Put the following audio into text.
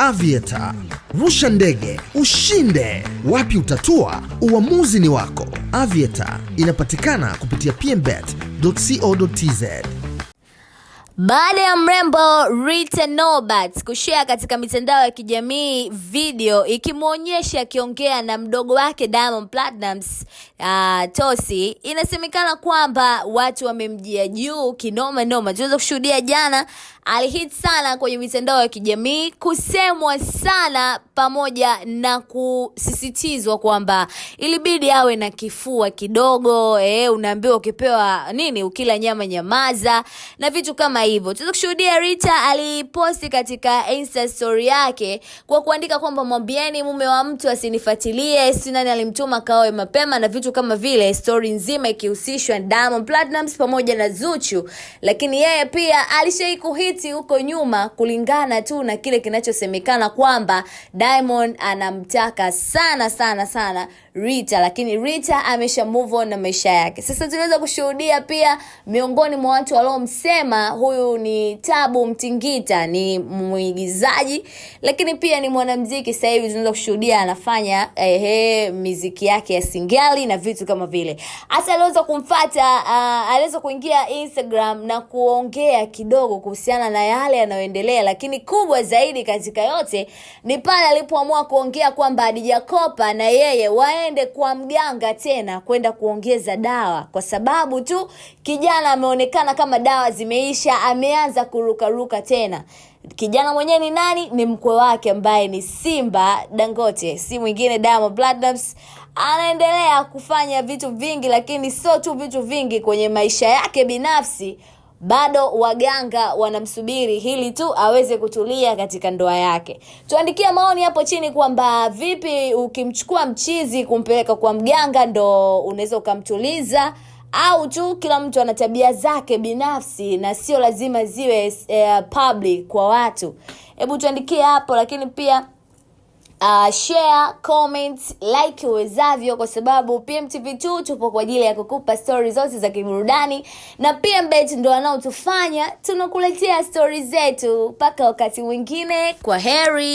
Avieta, rusha ndege ushinde. Wapi utatua? Uamuzi ni wako. Avieta inapatikana kupitia pmbet.co.tz. Baada ya mrembo Rita Nobat kushare katika mitandao ya kijamii video ikimwonyesha akiongea na mdogo wake Diamond Platnumz uh, Tosi, inasemekana kwamba watu wamemjia juu kinoma noma. Tunaweza kushuhudia jana alihit sana kwenye mitandao ya kijamii, kusemwa sana pamoja na kusisitizwa kwamba ilibidi awe na kifua kidogo. Eh, unaambiwa ukipewa nini, ukila nyama nyamaza na vitu kama hivyo. kushuhudia Rita aliposti katika Insta story yake kwa kuandika kwamba mwambieni mume wa mtu asinifuatilie, si nani alimtuma kaoe mapema na vitu kama vile, story nzima ikihusishwa Diamond platinums pamoja na Zuchu, lakini yeye pia alishaikuhit kiti huko nyuma, kulingana tu na kile kinachosemekana kwamba Diamond anamtaka sana sana sana Rita, lakini Rita amesha move on na maisha yake. Sasa tunaweza kushuhudia pia miongoni mwa watu waliomsema huyu ni Tabu Mtingita, ni mwigizaji lakini pia ni mwanamuziki. Sasa hivi tunaweza kushuhudia anafanya ehe, miziki yake ya singali na vitu kama vile. Hata aliweza kumfuata uh, aliweza kuingia Instagram na kuongea kidogo kuhusiana na yale yanayoendelea, lakini kubwa zaidi katika yote ni pale alipoamua kuongea kwamba Kopa na yeye wae usiende kwa mganga tena kwenda kuongeza dawa, kwa sababu tu kijana ameonekana kama dawa zimeisha, ameanza kurukaruka tena. Kijana mwenyewe ni nani? Ni mkwe wake ambaye ni Simba Dangote, si mwingine Diamond Anaendelea kufanya vitu vingi, lakini sio tu vitu vingi kwenye maisha yake binafsi bado waganga wanamsubiri hili tu aweze kutulia katika ndoa yake. Tuandikia maoni hapo chini kwamba vipi ukimchukua mchizi kumpeleka kwa mganga ndo unaweza ukamtuliza au tu kila mtu ana tabia zake binafsi na sio lazima ziwe eh, public kwa watu. Hebu tuandikie hapo, lakini pia uh, share comment like uwezavyo, kwa sababu PMTV2 tupo kwa ajili ya kukupa stori zote za kiburudani, na PMbet ndo wanaotufanya tunakuletea stori zetu. Mpaka wakati mwingine, kwa heri.